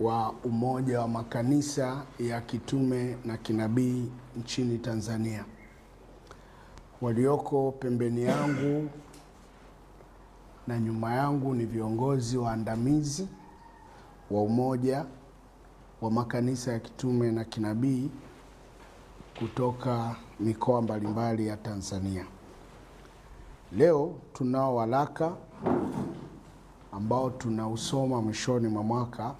wa Umoja wa Makanisa ya Kitume na Kinabii nchini Tanzania, walioko pembeni yangu na nyuma yangu ni viongozi waandamizi wa Umoja wa Makanisa ya Kitume na Kinabii kutoka mikoa mbalimbali ya Tanzania. Leo tunao waraka ambao tunausoma mwishoni mwa mwaka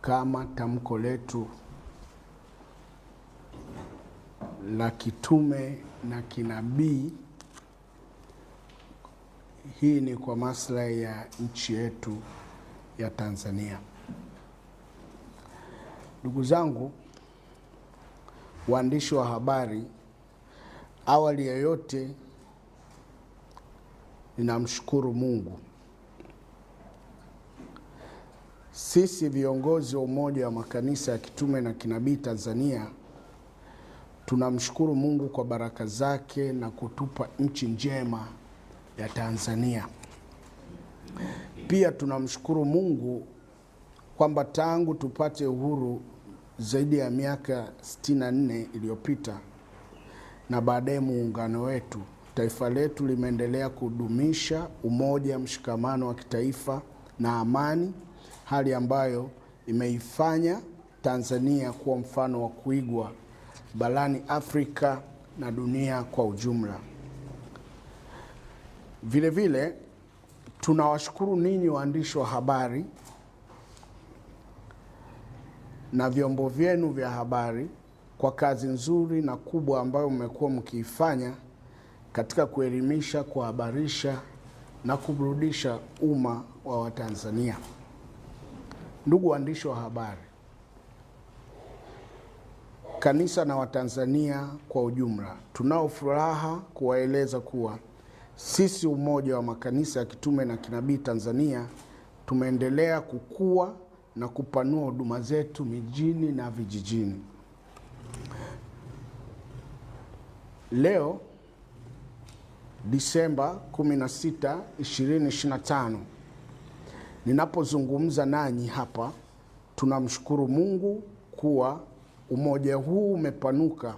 kama tamko letu la kitume na kinabii. Hii ni kwa maslahi ya nchi yetu ya Tanzania. Ndugu zangu waandishi wa habari, awali ya yote ninamshukuru Mungu sisi viongozi wa Umoja wa Makanisa ya Kitume na Kinabii Tanzania tunamshukuru Mungu kwa baraka zake na kutupa nchi njema ya Tanzania. Pia tunamshukuru Mungu kwamba tangu tupate uhuru zaidi ya miaka 64 iliyopita na baadaye muungano wetu, taifa letu limeendelea kudumisha umoja, mshikamano wa kitaifa na amani hali ambayo imeifanya Tanzania kuwa mfano wa kuigwa barani Afrika na dunia kwa ujumla. Vile vile tunawashukuru ninyi waandishi wa habari na vyombo vyenu vya habari kwa kazi nzuri na kubwa ambayo mmekuwa mkiifanya katika kuelimisha, kuhabarisha na kuburudisha umma wa Watanzania. Ndugu waandishi wa habari, kanisa na Watanzania kwa ujumla, tunao furaha kuwaeleza kuwa sisi Umoja wa Makanisa ya Kitume na Kinabii Tanzania tumeendelea kukua na kupanua huduma zetu mijini na vijijini. Leo Disemba 16, 2025 ninapozungumza nanyi hapa, tunamshukuru Mungu kuwa umoja huu umepanuka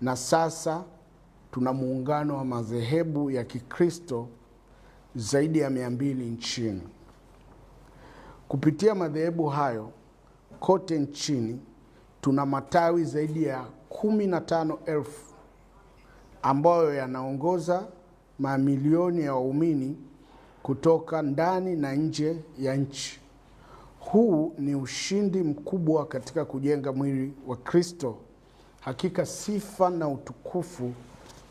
na sasa tuna muungano wa madhehebu ya Kikristo zaidi ya mia mbili nchini. Kupitia madhehebu hayo kote nchini tuna matawi zaidi ya kumi na tano elfu ambayo yanaongoza mamilioni ya waumini kutoka ndani na nje ya nchi. Huu ni ushindi mkubwa katika kujenga mwili wa Kristo. Hakika sifa na utukufu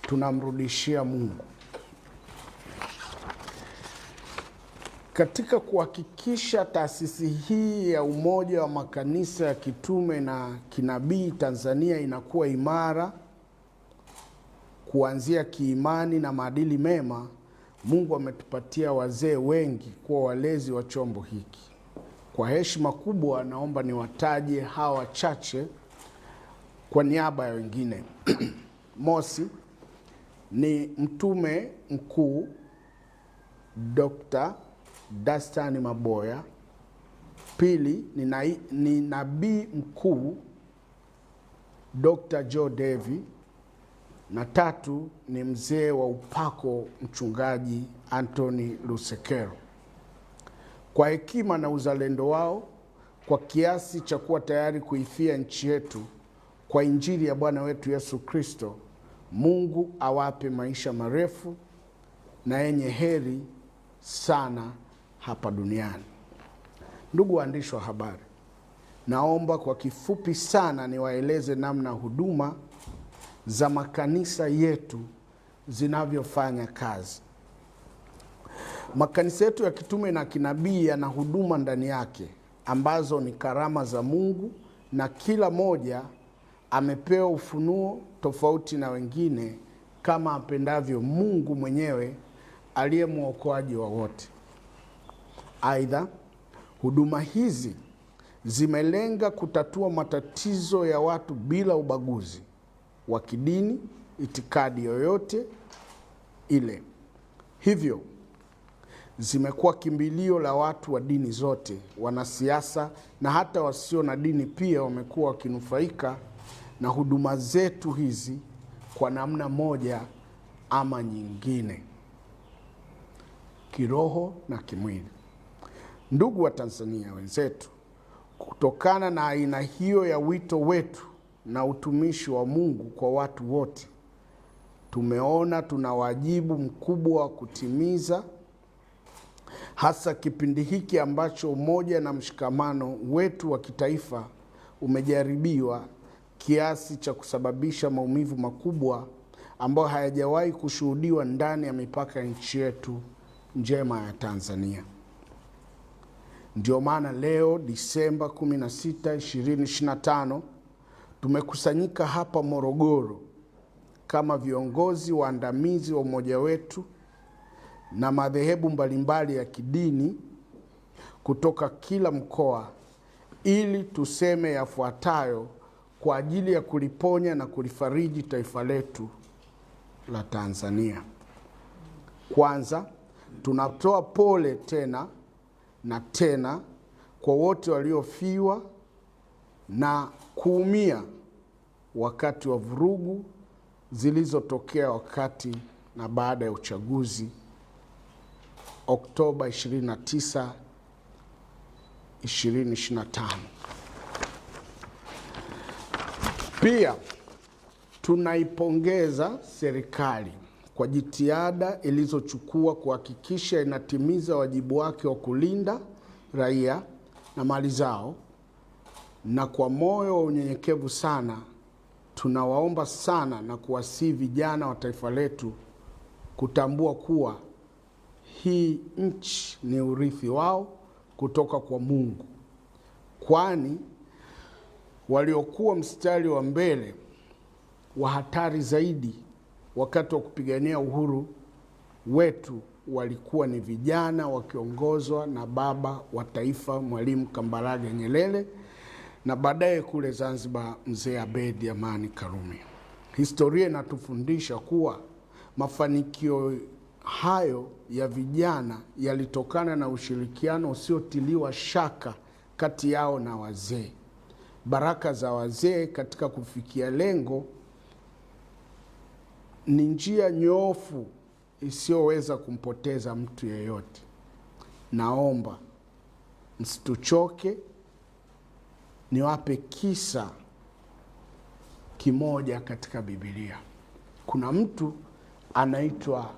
tunamrudishia Mungu katika kuhakikisha taasisi hii ya Umoja wa Makanisa ya Kitume na Kinabii Tanzania inakuwa imara kuanzia kiimani na maadili mema. Mungu ametupatia wazee wengi kuwa walezi wa chombo hiki. Kwa heshima kubwa, naomba niwataje hawa wachache kwa niaba ya wengine. Mosi ni mtume mkuu Dr. dastani Maboya. Pili ni, na, ni nabii mkuu Dr. Joe devi na tatu ni mzee wa upako Mchungaji Anthony lusekero Kwa hekima na uzalendo wao kwa kiasi cha kuwa tayari kuifia nchi yetu kwa injili ya Bwana wetu Yesu Kristo, Mungu awape maisha marefu na yenye heri sana hapa duniani. Ndugu waandishi wa habari, naomba kwa kifupi sana niwaeleze namna huduma za makanisa yetu zinavyofanya kazi. Makanisa yetu ya kitume na kinabii yana huduma ndani yake ambazo ni karama za Mungu, na kila moja amepewa ufunuo tofauti na wengine kama apendavyo Mungu mwenyewe aliye mwokoaji wa wote. Aidha, huduma hizi zimelenga kutatua matatizo ya watu bila ubaguzi wa kidini, itikadi yoyote ile. Hivyo zimekuwa kimbilio la watu wa dini zote. Wanasiasa na hata wasio na dini pia wamekuwa wakinufaika na huduma zetu hizi kwa namna moja ama nyingine, kiroho na kimwili. Ndugu wa Tanzania wenzetu, kutokana na aina hiyo ya wito wetu na utumishi wa Mungu kwa watu wote, tumeona tuna wajibu mkubwa wa kutimiza, hasa kipindi hiki ambacho umoja na mshikamano wetu wa kitaifa umejaribiwa kiasi cha kusababisha maumivu makubwa ambayo hayajawahi kushuhudiwa ndani ya mipaka ya nchi yetu njema ya Tanzania. Ndio maana leo Disemba 16, 2025 Tumekusanyika hapa Morogoro kama viongozi waandamizi wa umoja wetu na madhehebu mbalimbali ya kidini kutoka kila mkoa ili tuseme yafuatayo kwa ajili ya kuliponya na kulifariji taifa letu la Tanzania. Kwanza, tunatoa pole tena na tena kwa wote waliofiwa na kuumia wakati wa vurugu zilizotokea wakati na baada ya uchaguzi Oktoba 29, 2025. Pia tunaipongeza serikali kwa jitihada ilizochukua kuhakikisha inatimiza wajibu wake wa kulinda raia na mali zao, na kwa moyo wa unyenyekevu sana tunawaomba sana na kuwasihi vijana wa taifa letu kutambua kuwa hii nchi ni urithi wao kutoka kwa Mungu, kwani waliokuwa mstari wa mbele wa hatari zaidi wakati wa kupigania uhuru wetu walikuwa ni vijana wakiongozwa na baba wa taifa Mwalimu Kambarage Nyerere na baadaye kule Zanzibar mzee abed Amani Karume. Historia inatufundisha kuwa mafanikio hayo ya vijana yalitokana na ushirikiano usiotiliwa shaka kati yao na wazee, baraka za wazee katika kufikia lengo ni njia nyoofu isiyoweza kumpoteza mtu yeyote. Naomba msituchoke niwape kisa kimoja katika Biblia. Kuna mtu anaitwa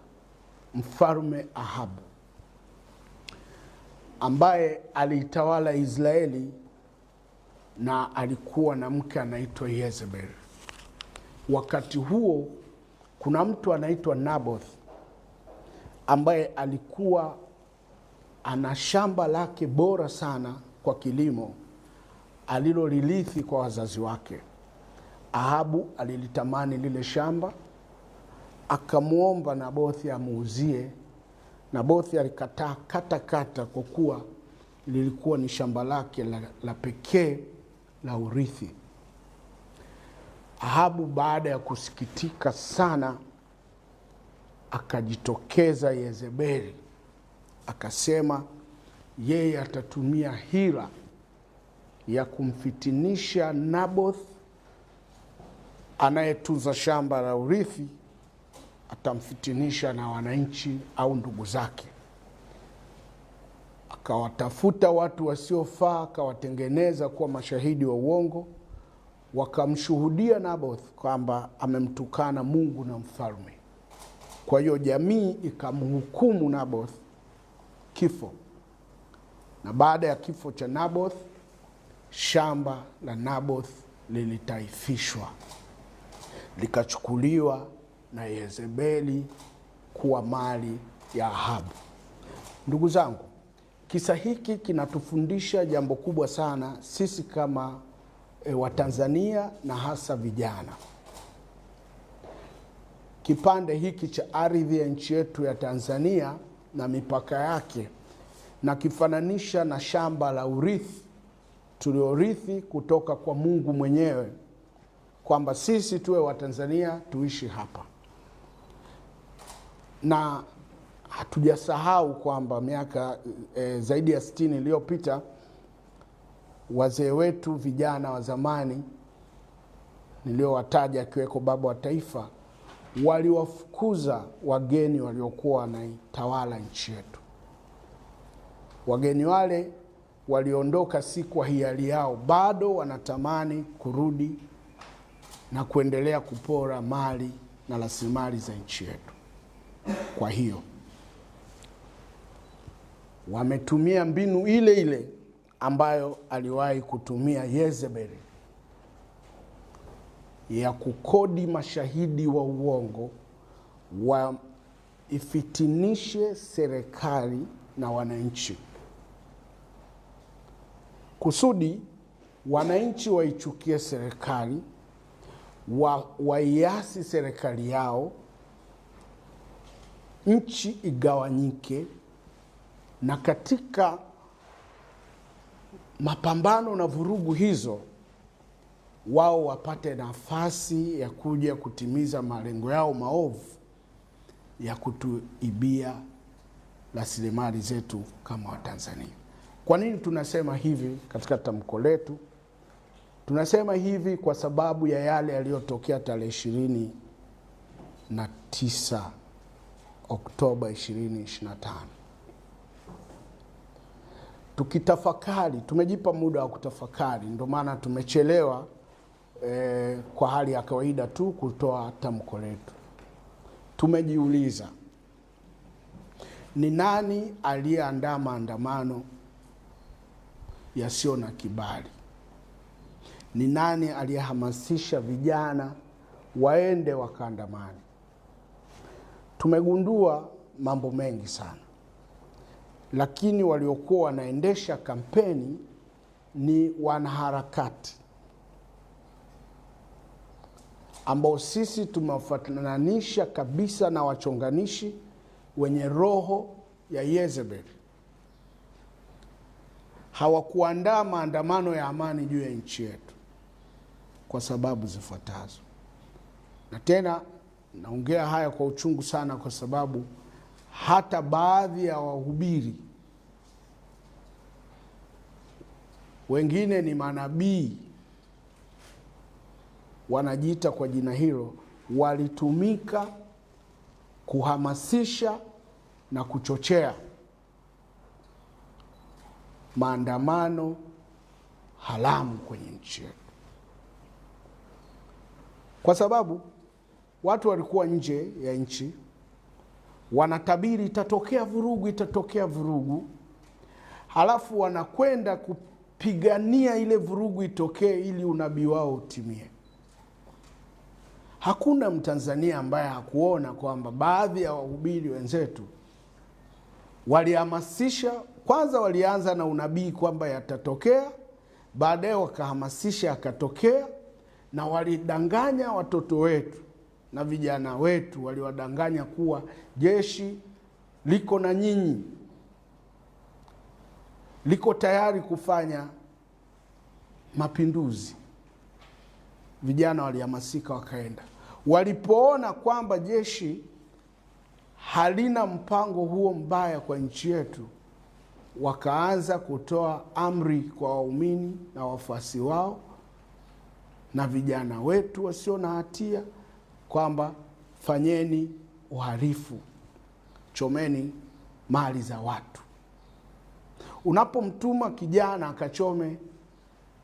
Mfalme Ahabu ambaye aliitawala Israeli na alikuwa na mke anaitwa Yezebel. Wakati huo kuna mtu anaitwa Naboth ambaye alikuwa ana shamba lake bora sana kwa kilimo alilolirithi kwa wazazi wake. Ahabu alilitamani lile shamba, akamwomba Nabothi amuuzie. Nabothi alikataa katakata, kwa kuwa lilikuwa ni shamba lake la, la pekee la urithi. Ahabu baada ya kusikitika sana akajitokeza Yezebeli, akasema yeye atatumia hila ya kumfitinisha Naboth anayetunza shamba la urithi, atamfitinisha na wananchi au ndugu zake. Akawatafuta watu wasiofaa, akawatengeneza kuwa mashahidi wa uongo, wakamshuhudia Naboth kwamba amemtukana Mungu na mfalme. Kwa hiyo jamii ikamhukumu Naboth kifo, na baada ya kifo cha Naboth shamba la Naboth lilitaifishwa likachukuliwa na Yezebeli kuwa mali ya Ahabu. Ndugu zangu, kisa hiki kinatufundisha jambo kubwa sana sisi kama e, Watanzania na hasa vijana. Kipande hiki cha ardhi ya nchi yetu ya Tanzania na mipaka yake nakifananisha na shamba la urithi tuliorithi kutoka kwa Mungu mwenyewe kwamba sisi tuwe Watanzania tuishi hapa, na hatujasahau kwamba miaka e, zaidi ya 60 iliyopita wazee wetu vijana wa zamani niliowataja akiweko baba wa taifa waliwafukuza wageni waliokuwa wanaitawala nchi yetu. Wageni wale waliondoka si kwa hiari yao, bado wanatamani kurudi na kuendelea kupora mali na rasilimali za nchi yetu. Kwa hiyo wametumia mbinu ile ile ambayo aliwahi kutumia Yezebeli ya kukodi mashahidi wa uongo waifitinishe serikali na wananchi kusudi wananchi waichukie serikali, waiasi serikali yao, nchi igawanyike, na katika mapambano na vurugu hizo wao wapate nafasi ya kuja kutimiza malengo yao maovu ya kutuibia rasilimali zetu kama Watanzania. Kwa nini tunasema hivi katika tamko letu? Tunasema hivi kwa sababu ya yale yaliyotokea tarehe ishirini na tisa Oktoba 2025. Tukitafakari, tumejipa muda wa kutafakari, ndio maana tumechelewa eh, kwa hali ya kawaida tu kutoa tamko letu. Tumejiuliza, ni nani aliyeandaa maandamano yasiyo na kibali. Ni nani aliyehamasisha vijana waende wakaandamani? Tumegundua mambo mengi sana, lakini waliokuwa wanaendesha kampeni ni wanaharakati ambao sisi tumewafananisha kabisa na wachonganishi wenye roho ya Yezebeli hawakuandaa maandamano ya amani juu ya nchi yetu kwa sababu zifuatazo. Na tena naongea haya kwa uchungu sana, kwa sababu hata baadhi ya wahubiri wengine ni manabii, wanajiita kwa jina hilo, walitumika kuhamasisha na kuchochea maandamano haramu kwenye nchi yetu, kwa sababu watu walikuwa nje ya nchi wanatabiri itatokea vurugu, itatokea vurugu, halafu wanakwenda kupigania ile vurugu itokee ili unabii wao utimie. Hakuna Mtanzania ambaye hakuona kwamba baadhi ya wahubiri wenzetu walihamasisha kwanza walianza na unabii kwamba yatatokea, baadaye wakahamasisha yakatokea, na walidanganya watoto wetu na vijana wetu, waliwadanganya kuwa jeshi liko na nyinyi, liko tayari kufanya mapinduzi. Vijana walihamasika wakaenda. Walipoona kwamba jeshi halina mpango huo mbaya kwa nchi yetu, wakaanza kutoa amri kwa waumini na wafuasi wao na vijana wetu wasio na hatia kwamba fanyeni uhalifu, chomeni mali za watu. Unapomtuma kijana akachome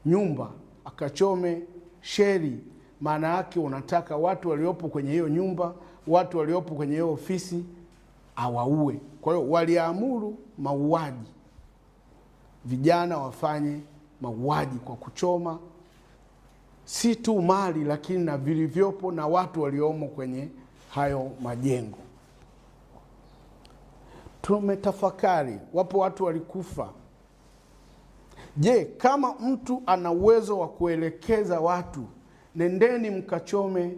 nyumba, akachome sheri, maana yake unataka watu waliopo kwenye hiyo nyumba, watu waliopo kwenye hiyo ofisi awaue. Kwa hiyo waliamuru mauaji vijana wafanye mauaji kwa kuchoma si tu mali lakini na vilivyopo na watu waliomo kwenye hayo majengo. Tumetafakari, wapo watu walikufa. Je, kama mtu ana uwezo wa kuelekeza watu, nendeni mkachome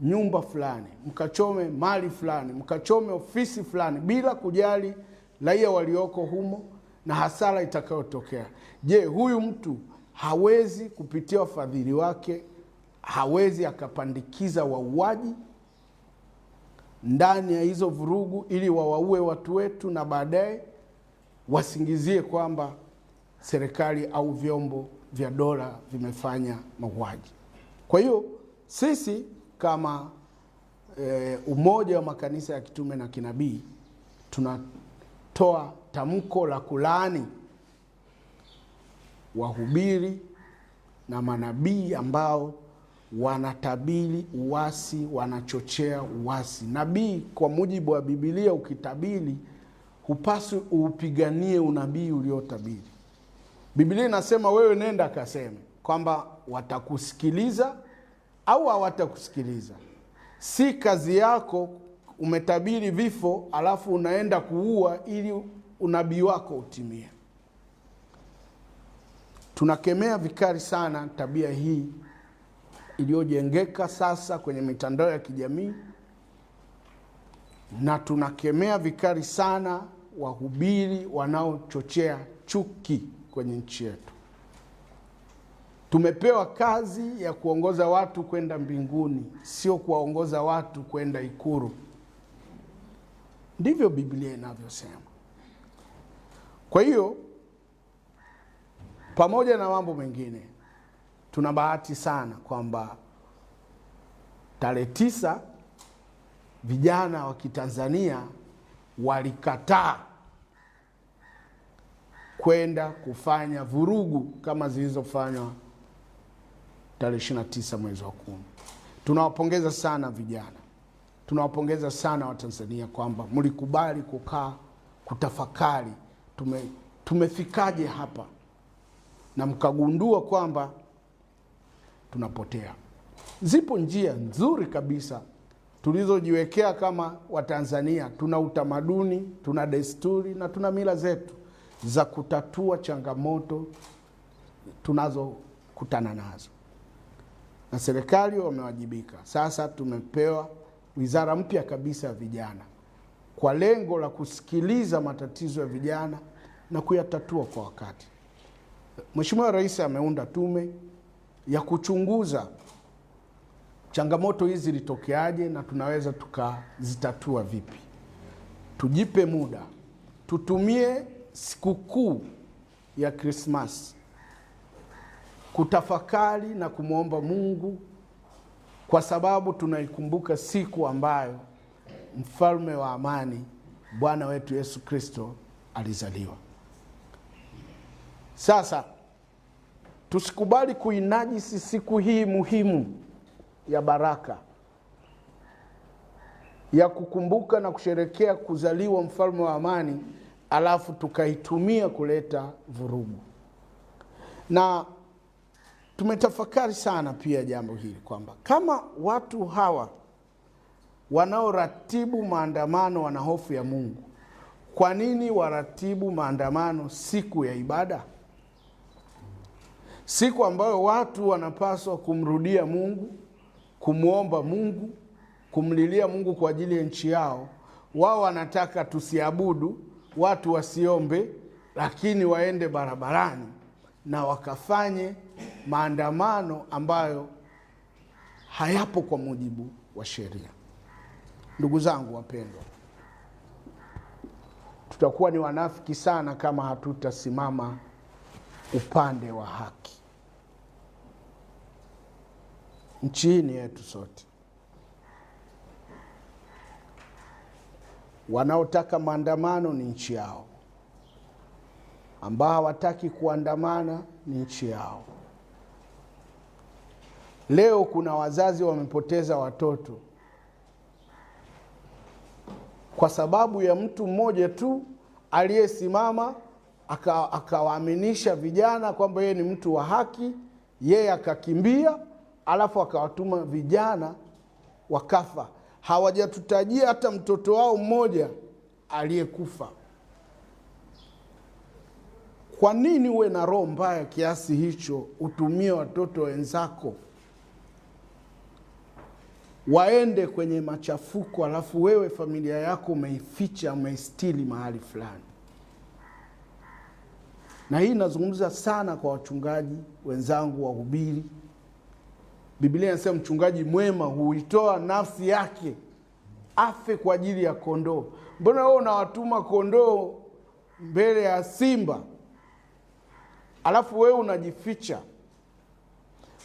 nyumba fulani, mkachome mali fulani, mkachome ofisi fulani, bila kujali raia walioko humo na hasara itakayotokea. Je, huyu mtu hawezi kupitia wafadhili wake, hawezi akapandikiza wauaji ndani ya hizo vurugu ili wawaue watu wetu na baadaye wasingizie kwamba serikali au vyombo vya dola vimefanya mauaji. Kwa hiyo sisi kama e, Umoja wa Makanisa ya Kitume na Kinabii tunatoa tamko la kulaani wahubiri na manabii ambao wanatabiri uasi, wanachochea uasi. Nabii kwa mujibu wa Biblia, ukitabiri hupaswi uupiganie unabii uliotabiri. Biblia inasema wewe nenda kaseme kwamba watakusikiliza au hawatakusikiliza. Si kazi yako umetabiri vifo alafu unaenda kuua ili unabii wako utimie. Tunakemea vikali sana tabia hii iliyojengeka sasa kwenye mitandao ya kijamii, na tunakemea vikali sana wahubiri wanaochochea chuki kwenye nchi yetu. Tumepewa kazi ya kuongoza watu kwenda mbinguni, sio kuwaongoza watu kwenda Ikulu. Ndivyo Biblia inavyosema. Kwa hiyo pamoja na mambo mengine, tuna bahati sana kwamba tarehe tisa vijana wa Kitanzania walikataa kwenda kufanya vurugu kama zilizofanywa tarehe 29 mwezi wa kumi. Tunawapongeza sana vijana, tunawapongeza sana Watanzania kwamba mlikubali kukaa kutafakari tume, tumefikaje hapa, na mkagundua kwamba tunapotea. Zipo njia nzuri kabisa tulizojiwekea kama Watanzania. Tuna utamaduni, tuna desturi na tuna mila zetu za kutatua changamoto tunazokutana nazo, na serikali wamewajibika. Sasa tumepewa wizara mpya kabisa ya vijana kwa lengo la kusikiliza matatizo ya vijana na kuyatatua kwa wakati. Mheshimiwa Rais ameunda tume ya kuchunguza changamoto hizi zilitokeaje na tunaweza tukazitatua vipi. Tujipe muda, tutumie sikukuu ya Krismasi kutafakari na kumwomba Mungu, kwa sababu tunaikumbuka siku ambayo mfalme wa amani Bwana wetu Yesu Kristo alizaliwa. Sasa tusikubali kuinajisi siku hii muhimu ya baraka ya kukumbuka na kusherekea kuzaliwa mfalme wa amani, alafu tukaitumia kuleta vurugu. Na tumetafakari sana pia jambo hili kwamba kama watu hawa wanaoratibu maandamano wana hofu ya Mungu, kwa nini waratibu maandamano siku ya ibada? siku ambayo watu wanapaswa kumrudia Mungu, kumwomba Mungu, kumlilia Mungu kwa ajili ya nchi yao. Wao wanataka tusiabudu, watu wasiombe, lakini waende barabarani na wakafanye maandamano ambayo hayapo kwa mujibu wa sheria. Ndugu zangu wapendwa, tutakuwa ni wanafiki sana kama hatutasimama upande wa haki. Nchi hii ni yetu sote. Wanaotaka maandamano ni nchi yao, ambao hawataki kuandamana ni nchi yao. Leo kuna wazazi wamepoteza watoto kwa sababu ya mtu mmoja tu aliyesimama akawaaminisha vijana kwamba yeye ni mtu wa haki, yeye akakimbia alafu akawatuma vijana wakafa. Hawajatutajia hata mtoto wao mmoja aliyekufa. Kwa nini uwe na roho mbaya kiasi hicho, utumie watoto wenzako waende kwenye machafuko, alafu wewe familia yako umeificha, umeistili mahali fulani? Na hii inazungumza sana kwa wachungaji wenzangu, wahubiri Biblia inasema mchungaji mwema huitoa nafsi yake afe kwa ajili ya kondoo. Mbona wewe unawatuma kondoo mbele ya simba, alafu wewe unajificha?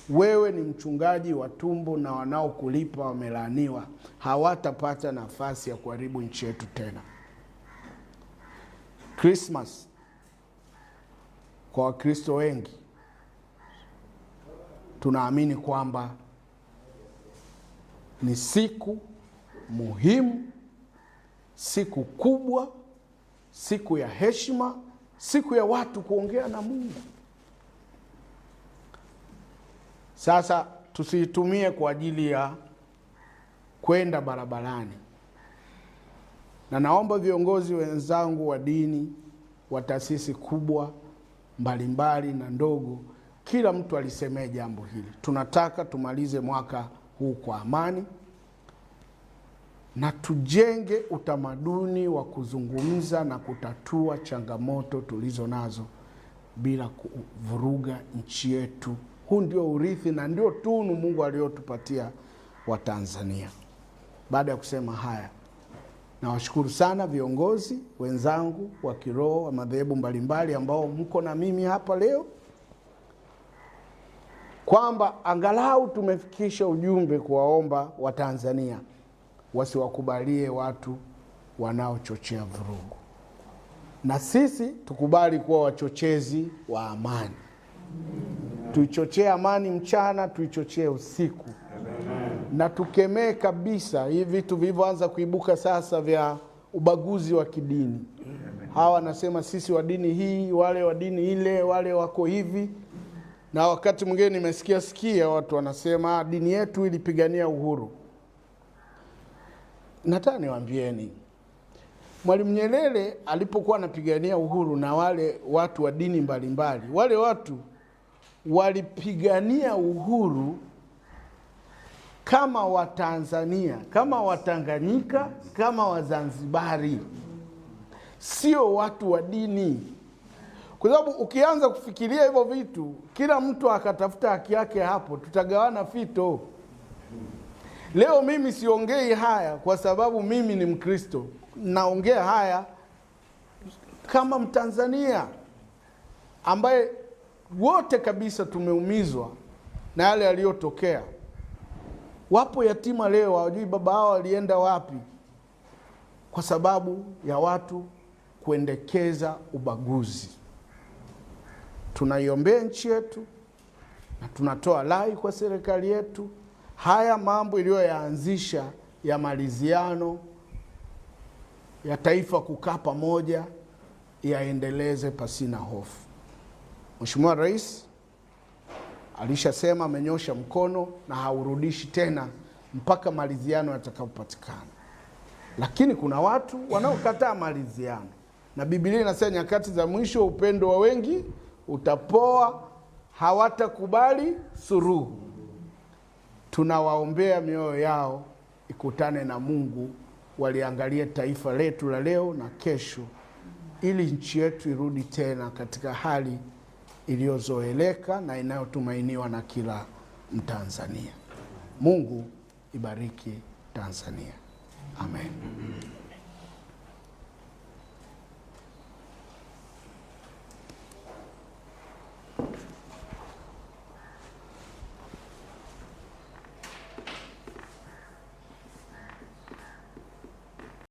Wewe ni mchungaji wa tumbo, na wanaokulipa wamelaaniwa, hawatapata nafasi ya kuharibu nchi yetu tena. Krismas kwa Wakristo wengi tunaamini kwamba ni siku muhimu, siku kubwa, siku ya heshima, siku ya watu kuongea na Mungu. Sasa tusiitumie kwa ajili ya kwenda barabarani, na naomba viongozi wenzangu wa dini wa taasisi kubwa mbalimbali na ndogo kila mtu alisemee jambo hili. Tunataka tumalize mwaka huu kwa amani na tujenge utamaduni wa kuzungumza na kutatua changamoto tulizo nazo bila kuvuruga nchi yetu. Huu ndio urithi na ndio tunu Mungu aliyotupatia Watanzania. Baada ya kusema haya, nawashukuru sana viongozi wenzangu wa kiroho wa madhehebu mbalimbali ambao mko na mimi hapa leo kwamba angalau tumefikisha ujumbe kuwaomba Watanzania wasiwakubalie watu wanaochochea vurugu, na sisi tukubali kuwa wachochezi wa amani. Tuichochee amani mchana, tuichochee usiku, na tukemee kabisa hivi vitu vilivyoanza kuibuka sasa vya ubaguzi wa kidini. Hawa wanasema sisi wa dini hii, wale wa dini ile, wale wako hivi na wakati mwingine nimesikia sikia watu wanasema ah, dini yetu ilipigania uhuru. Nataka niwaambieni, Mwalimu Nyerere alipokuwa anapigania uhuru na wale watu wa dini mbalimbali mbali, wale watu walipigania uhuru kama Watanzania, kama Watanganyika, kama Wazanzibari, sio watu wa dini kwa sababu ukianza kufikiria hivyo vitu, kila mtu akatafuta haki yake, hapo tutagawana fito. Leo mimi siongei haya kwa sababu mimi ni Mkristo, naongea haya kama Mtanzania ambaye wote kabisa tumeumizwa na yale yaliyotokea. Wapo yatima leo hawajui baba hao walienda wapi, kwa sababu ya watu kuendekeza ubaguzi tunaiombea nchi yetu na tunatoa rai kwa serikali yetu, haya mambo iliyoyaanzisha ya maliziano ya taifa kukaa pamoja yaendeleze pasina hofu. Mheshimiwa Rais alishasema amenyosha mkono na haurudishi tena mpaka maridhiano yatakapopatikana, lakini kuna watu wanaokataa maridhiano, na Biblia inasema nyakati za mwisho upendo wa wengi utapoa, hawatakubali suruhu. Tunawaombea mioyo yao ikutane na Mungu, waliangalie taifa letu la leo na kesho, ili nchi yetu irudi tena katika hali iliyozoeleka na inayotumainiwa na kila Mtanzania. Mungu ibariki Tanzania. Amen.